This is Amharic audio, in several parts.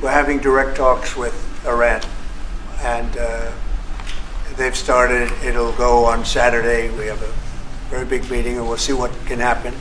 We're having direct talks with Iran, and uh, they've started. It'll go on Saturday. We have a very big meeting, and we'll see what can happen.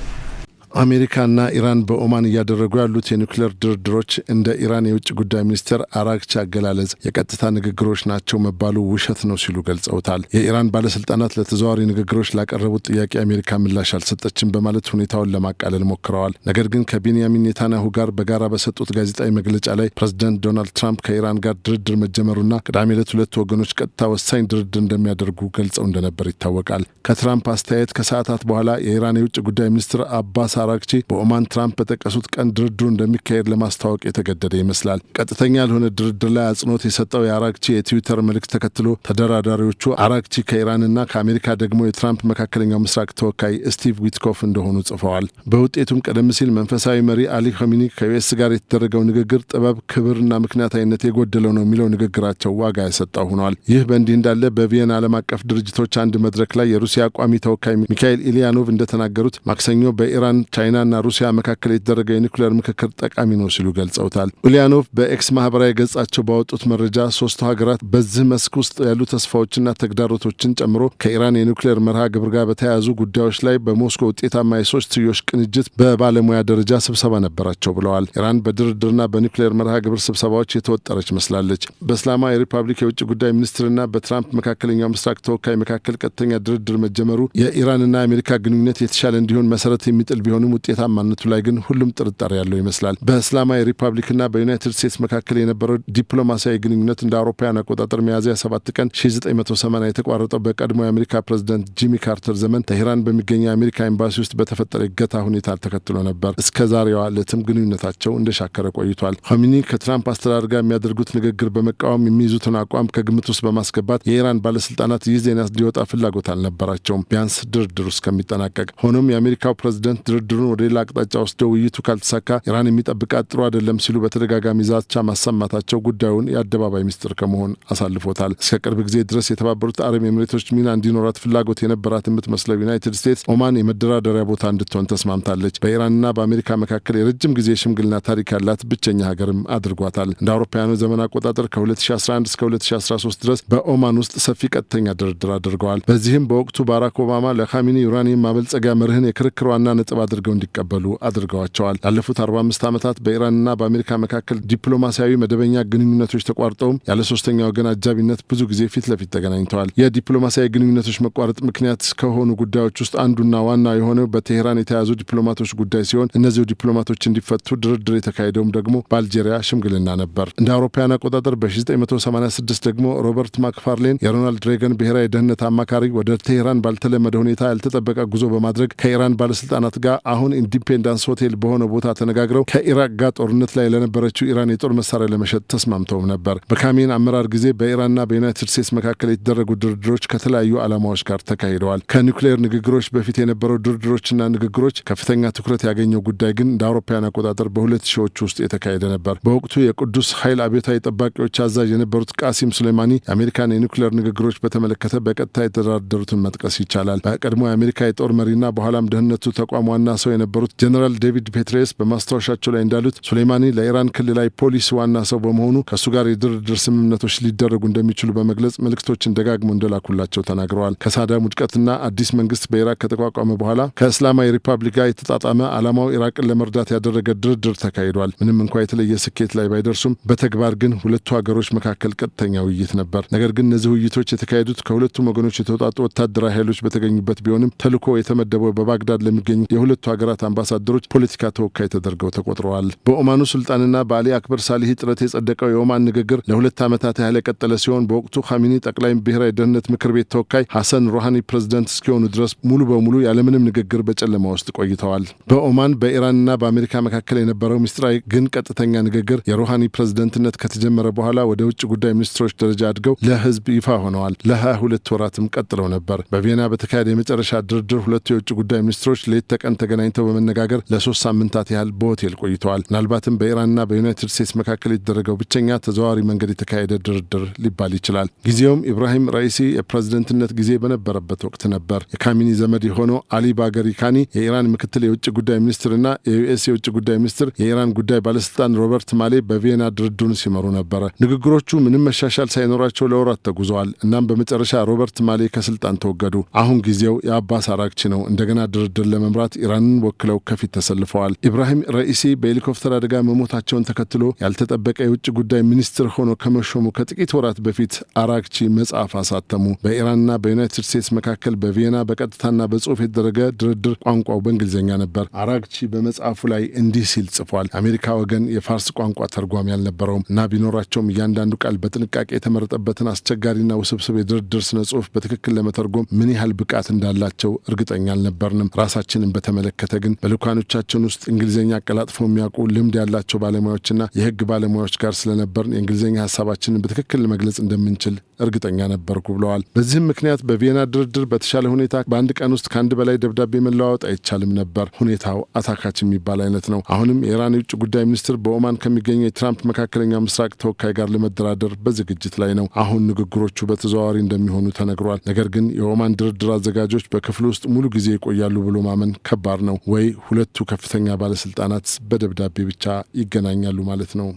አሜሪካና ኢራን በኦማን እያደረጉ ያሉት የኒውክሌር ድርድሮች እንደ ኢራን የውጭ ጉዳይ ሚኒስትር አራግቺ አገላለጽ የቀጥታ ንግግሮች ናቸው መባሉ ውሸት ነው ሲሉ ገልጸውታል። የኢራን ባለስልጣናት ለተዘዋዋሪ ንግግሮች ላቀረቡት ጥያቄ አሜሪካ ምላሽ አልሰጠችም በማለት ሁኔታውን ለማቃለል ሞክረዋል። ነገር ግን ከቢንያሚን ኔታንያሁ ጋር በጋራ በሰጡት ጋዜጣዊ መግለጫ ላይ ፕሬዚደንት ዶናልድ ትራምፕ ከኢራን ጋር ድርድር መጀመሩና ቅዳሜ ዕለት ሁለቱ ወገኖች ቀጥታ ወሳኝ ድርድር እንደሚያደርጉ ገልጸው እንደነበር ይታወቃል። ከትራምፕ አስተያየት ከሰዓታት በኋላ የኢራን የውጭ ጉዳይ ሚኒስትር አባስ ሳራክቺ በኦማን ትራምፕ በጠቀሱት ቀን ድርድሩ እንደሚካሄድ ለማስታወቅ የተገደደ ይመስላል። ቀጥተኛ ያልሆነ ድርድር ላይ አጽንኦት የሰጠው የአራክቺ የትዊተር መልእክት ተከትሎ ተደራዳሪዎቹ አራክቺ ከኢራንና ከአሜሪካ ደግሞ የትራምፕ መካከለኛው ምስራቅ ተወካይ ስቲቭ ዊትኮፍ እንደሆኑ ጽፈዋል። በውጤቱም ቀደም ሲል መንፈሳዊ መሪ አሊ ኸሚኒ ከዩኤስ ጋር የተደረገው ንግግር ጥበብ፣ ክብርና ምክንያታዊነት የጎደለው ነው የሚለው ንግግራቸው ዋጋ ያሰጣው ሆኗል። ይህ በእንዲህ እንዳለ በቪየና ዓለም አቀፍ ድርጅቶች አንድ መድረክ ላይ የሩሲያ ቋሚ ተወካይ ሚካኤል ኢሊያኖቭ እንደተናገሩት ማክሰኞ በኢራን ቻይናና ሩሲያ መካከል የተደረገ የኒኩሌር ምክክር ጠቃሚ ነው ሲሉ ገልጸውታል። ኡሊያኖቭ በኤክስ ማህበራዊ ገጻቸው ባወጡት መረጃ ሶስቱ ሀገራት በዚህ መስክ ውስጥ ያሉ ተስፋዎችና ተግዳሮቶችን ጨምሮ ከኢራን የኒኩሌር መርሃ ግብር ጋር በተያያዙ ጉዳዮች ላይ በሞስኮ ውጤታማ የሶስትዮሽ ቅንጅት በባለሙያ ደረጃ ስብሰባ ነበራቸው ብለዋል። ኢራን በድርድርና በኒኩሌር መርሃ ግብር ስብሰባዎች የተወጠረች መስላለች። በእስላማዊ ሪፐብሊክ የውጭ ጉዳይ ሚኒስትርና በትራምፕ መካከለኛው ምስራቅ ተወካይ መካከል ቀጥተኛ ድርድር መጀመሩ የኢራንና የአሜሪካ ግንኙነት የተሻለ እንዲሆን መሰረት የሚጥል ቢሆን ቢሆንም ውጤታማነቱ ላይ ግን ሁሉም ጥርጣሬ ያለው ይመስላል። በእስላማዊ ሪፐብሊክና በዩናይትድ ስቴትስ መካከል የነበረው ዲፕሎማሲያዊ ግንኙነት እንደ አውሮፓውያን አቆጣጠር ሚያዝያ 7 ቀን 1980 የተቋረጠው በቀድሞ የአሜሪካ ፕሬዚደንት ጂሚ ካርተር ዘመን ተሄራን በሚገኘ የአሜሪካ ኤምባሲ ውስጥ በተፈጠረ እገታ ሁኔታ ተከትሎ ነበር። እስከ ዛሬዋ ዕለትም ግንኙነታቸው እንደሻከረ ቆይቷል። ሆሚኒ ከትራምፕ አስተዳደር ጋር የሚያደርጉት ንግግር በመቃወም የሚይዙትን አቋም ከግምት ውስጥ በማስገባት የኢራን ባለስልጣናት ይህ ዜና ሊወጣ ፍላጎት አልነበራቸውም፣ ቢያንስ ድርድር ውስጥ ከሚጠናቀቅ ሆኖም የአሜሪካው ፕሬዚደንት ድርድር ድርድሩን ወደ ሌላ አቅጣጫ ወስደ ውይይቱ ካልተሳካ ኢራን የሚጠብቃት ጥሩ አይደለም ሲሉ በተደጋጋሚ ዛቻ ማሰማታቸው ጉዳዩን የአደባባይ ሚስጥር ከመሆን አሳልፎታል። እስከ ቅርብ ጊዜ ድረስ የተባበሩት አረብ ኤምሬቶች ሚና እንዲኖራት ፍላጎት የነበራት የምትመስለው ዩናይትድ ስቴትስ ኦማን የመደራደሪያ ቦታ እንድትሆን ተስማምታለች። በኢራንና በአሜሪካ መካከል የረጅም ጊዜ ሽምግልና ታሪክ ያላት ብቸኛ ሀገርም አድርጓታል። እንደ አውሮፓውያኑ ዘመን አቆጣጠር ከ2011 እስከ 2013 ድረስ በኦማን ውስጥ ሰፊ ቀጥተኛ ድርድር አድርገዋል። በዚህም በወቅቱ ባራክ ኦባማ ለካሚኒ ዩራኒየም ማበልጸጊያ መርህን የክርክር ዋና ነጥብ አድርገው አድርገው እንዲቀበሉ አድርገዋቸዋል። ላለፉት 45 ዓመታት በኢራንና በአሜሪካ መካከል ዲፕሎማሲያዊ መደበኛ ግንኙነቶች ተቋርጠውም ያለ ሶስተኛ ወገን አጃቢነት ብዙ ጊዜ ፊት ለፊት ተገናኝተዋል። የዲፕሎማሲያዊ ግንኙነቶች መቋረጥ ምክንያት ከሆኑ ጉዳዮች ውስጥ አንዱና ዋና የሆነው በቴሄራን የተያዙ ዲፕሎማቶች ጉዳይ ሲሆን እነዚሁ ዲፕሎማቶች እንዲፈቱ ድርድር የተካሄደውም ደግሞ በአልጄሪያ ሽምግልና ነበር። እንደ አውሮፓውያን አቆጣጠር በ1986 ደግሞ ሮበርት ማክፋርሌን የሮናልድ ሬገን ብሔራዊ ደህንነት አማካሪ ወደ ቴሄራን ባልተለመደ ሁኔታ ያልተጠበቀ ጉዞ በማድረግ ከኢራን ባለስልጣናት ጋር አሁን ኢንዲፔንዳንስ ሆቴል በሆነ ቦታ ተነጋግረው ከኢራቅ ጋር ጦርነት ላይ ለነበረችው ኢራን የጦር መሳሪያ ለመሸጥ ተስማምተውም ነበር። በካሜን አመራር ጊዜ በኢራንና በዩናይትድ ስቴትስ መካከል የተደረጉ ድርድሮች ከተለያዩ ዓላማዎች ጋር ተካሂደዋል። ከኒውክሌር ንግግሮች በፊት የነበረው ድርድሮችና ንግግሮች ከፍተኛ ትኩረት ያገኘው ጉዳይ ግን እንደ አውሮፓውያን አቆጣጠር በሁለት ሺዎች ውስጥ የተካሄደ ነበር። በወቅቱ የቅዱስ ኃይል አብዮታዊ ጠባቂዎች አዛዥ የነበሩት ቃሲም ሱሌማኒ የአሜሪካን የኒውክሌር ንግግሮች በተመለከተ በቀጥታ የተደራደሩትን መጥቀስ ይቻላል። በቀድሞ የአሜሪካ የጦር መሪና በኋላም ደህንነቱ ተቋም ዋና ሰው የነበሩት ጀነራል ዴቪድ ፔትሬስ በማስታወሻቸው ላይ እንዳሉት ሱሌማኒ ለኢራን ክልላዊ ፖሊስ ዋና ሰው በመሆኑ ከእሱ ጋር የድርድር ስምምነቶች ሊደረጉ እንደሚችሉ በመግለጽ መልእክቶችን ደጋግሞ እንደላኩላቸው ተናግረዋል። ከሳዳም ውድቀትና አዲስ መንግስት በኢራቅ ከተቋቋመ በኋላ ከእስላማዊ ሪፐብሊክ ጋር የተጣጣመ ዓላማው ኢራቅን ለመርዳት ያደረገ ድርድር ተካሂዷል። ምንም እንኳ የተለየ ስኬት ላይ ባይደርሱም በተግባር ግን ሁለቱ ሀገሮች መካከል ቀጥተኛ ውይይት ነበር። ነገር ግን እነዚህ ውይይቶች የተካሄዱት ከሁለቱም ወገኖች የተውጣጡ ወታደራዊ ኃይሎች በተገኙበት ቢሆንም ተልዕኮ የተመደበው በባግዳድ ለሚገኙ የሁለ የሁለቱ ሀገራት አምባሳደሮች ፖለቲካ ተወካይ ተደርገው ተቆጥረዋል። በኦማኑ ሱልጣንና በአሊ አክበር ሳሊህ ጥረት የጸደቀው የኦማን ንግግር ለሁለት ዓመታት ያህል የቀጠለ ሲሆን በወቅቱ ኻሜኒ ጠቅላይ ብሔራዊ ደህንነት ምክር ቤት ተወካይ ሐሰን ሮሃኒ ፕሬዝደንት እስኪሆኑ ድረስ ሙሉ በሙሉ ያለምንም ንግግር በጨለማ ውስጥ ቆይተዋል። በኦማን በኢራንና በአሜሪካ መካከል የነበረው ምስጢራዊ ግን ቀጥተኛ ንግግር የሮሃኒ ፕሬዝደንትነት ከተጀመረ በኋላ ወደ ውጭ ጉዳይ ሚኒስትሮች ደረጃ አድገው ለህዝብ ይፋ ሆነዋል። ለሀያ ሁለት ወራትም ቀጥለው ነበር። በቪየና በተካሄደ የመጨረሻ ድርድር ሁለቱ የውጭ ጉዳይ ሚኒስትሮች ሌት ተቀን ተገናኝተው በመነጋገር ለሶስት ሳምንታት ያህል በሆቴል ቆይተዋል። ምናልባትም በኢራንና በዩናይትድ ስቴትስ መካከል የተደረገው ብቸኛ ተዘዋዋሪ መንገድ የተካሄደ ድርድር ሊባል ይችላል። ጊዜውም ኢብራሂም ራይሲ የፕሬዝደንትነት ጊዜ በነበረበት ወቅት ነበር። የካሚኒ ዘመድ የሆነው አሊ ባገሪ ካኒ የኢራን ምክትል የውጭ ጉዳይ ሚኒስትርና የዩኤስ የውጭ ጉዳይ ሚኒስትር የኢራን ጉዳይ ባለስልጣን ሮበርት ማሌ በቪየና ድርድሩን ሲመሩ ነበረ። ንግግሮቹ ምንም መሻሻል ሳይኖራቸው ለወራት ተጉዘዋል። እናም በመጨረሻ ሮበርት ማሌ ከስልጣን ተወገዱ። አሁን ጊዜው የአባስ አራግቺ ነው። እንደገና ድርድር ለመምራት ኢራን ኢራንን ወክለው ከፊት ተሰልፈዋል። ኢብራሂም ረኢሲ በሄሊኮፕተር አደጋ መሞታቸውን ተከትሎ ያልተጠበቀ የውጭ ጉዳይ ሚኒስትር ሆኖ ከመሾሙ ከጥቂት ወራት በፊት አራግቺ መጽሐፍ አሳተሙ። በኢራንና በዩናይትድ ስቴትስ መካከል በቪየና በቀጥታና በጽሁፍ የተደረገ ድርድር ቋንቋው በእንግሊዝኛ ነበር። አራግቺ በመጽሐፉ ላይ እንዲህ ሲል ጽፏል። አሜሪካ ወገን የፋርስ ቋንቋ ተርጓሚ አልነበረውም እና ቢኖራቸውም እያንዳንዱ ቃል በጥንቃቄ የተመረጠበትን አስቸጋሪና ውስብስብ የድርድር ስነ ጽሁፍ በትክክል ለመተርጎም ምን ያህል ብቃት እንዳላቸው እርግጠኛ አልነበርንም። ራሳችንን በተመለ በተመለከተ ግን በልኳኖቻችን ውስጥ እንግሊዝኛ አቀላጥፎ የሚያውቁ ልምድ ያላቸው ባለሙያዎችና የህግ ባለሙያዎች ጋር ስለነበርን የእንግሊዝኛ ሀሳባችንን በትክክል መግለጽ እንደምንችል እርግጠኛ ነበርኩ ብለዋል። በዚህም ምክንያት በቪየና ድርድር በተሻለ ሁኔታ በአንድ ቀን ውስጥ ከአንድ በላይ ደብዳቤ መለዋወጥ አይቻልም ነበር። ሁኔታው አታካች የሚባል አይነት ነው። አሁንም የኢራን የውጭ ጉዳይ ሚኒስትር በኦማን ከሚገኘው የትራምፕ መካከለኛው ምስራቅ ተወካይ ጋር ለመደራደር በዝግጅት ላይ ነው። አሁን ንግግሮቹ በተዘዋዋሪ እንደሚሆኑ ተነግሯል። ነገር ግን የኦማን ድርድር አዘጋጆች በክፍል ውስጥ ሙሉ ጊዜ ይቆያሉ ብሎ ማመን ከባድ ነው ወይ ሁለቱ ከፍተኛ ባለስልጣናት በደብዳቤ ብቻ ይገናኛሉ ማለት ነው?